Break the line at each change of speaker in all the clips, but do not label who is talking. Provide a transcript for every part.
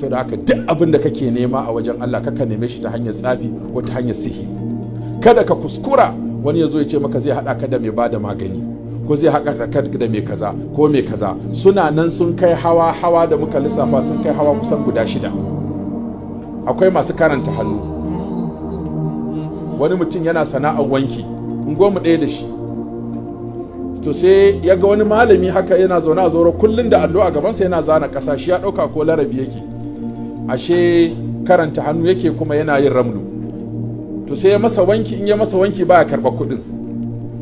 so da haka duk abin da kake nema a wajen Allah kaka neme shi ta hanyar tsafi ko ta hanyar sihiri kada ka kuskura wani ya zo ya ce maka zai haɗa ka da mai bada magani ko zai haɗa ka da mai kaza ko mai kaza suna nan sun kai hawa hawa da muka lissafa sun kai hawa kusan guda shida akwai masu karanta hannu wani mutum yana sana'ar wanki in goma ɗaya da shi to sai ya ga wani malami haka yana zaune a zoro kullum da allo a gabansa yana zana ƙasa shi ya ɗauka ko larabi yake ashe karanta hannu yake kuma yana yin ramlu to sai ya masa wanki in ya masa wanki ya karba kuɗin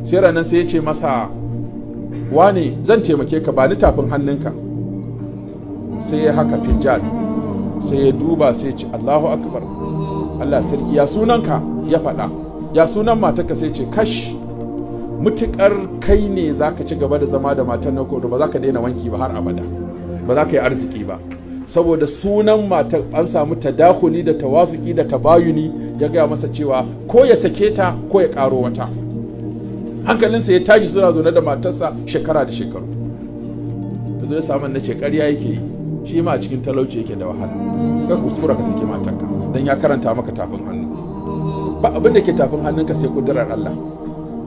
sai ranar sai ya ce masa wane zan taimake ka ba ni tafin hannunka sai ya haka finjal sai ya duba sai ya ce allahu akbar allah sarki ya sunanka ya faɗa ya sunan matarka sai ce kash mutukar kai ne za ka ci gaba da zama da matan na ko ba za ka daina wanki ba har abada ba za ka yi arziki ba saboda sunan matar an samu tadahuli da tawafiki da tabayuni ya gaya masa cewa ko ya sake ta ko ya karo wata hankalinsa ya tashi suna zaune da matarsa shekara da shekaru yanzu ya samu na ce yake yi shi ma a cikin talauci yake da wahala kar kuskura ka sake matarka don ya karanta maka tafin hannu ba abin da ke tafin hannunka sai kudurar Allah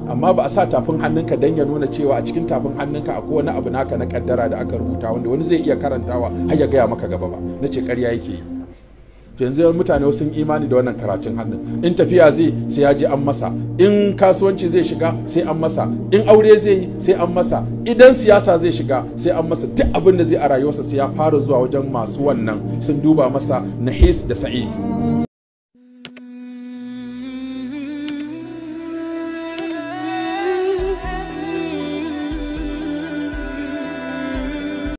amma ba a sa tafin hannunka don ya nuna cewa a cikin tafin hannunka akwai wani abu naka na kaddara da aka rubuta wanda wani zai iya karantawa har ya gaya maka gaba ba na ce ƙarya yake yi yanzu mutane sun imani da wannan karatun hannun in tafiya zai sai ya je an masa in kasuwanci zai shiga sai an masa in aure zai yi sai an masa idan siyasa zai shiga sai an masa duk abin da zai a rayuwarsa sai ya fara zuwa wajen masu wannan sun duba masa nahis da sa'id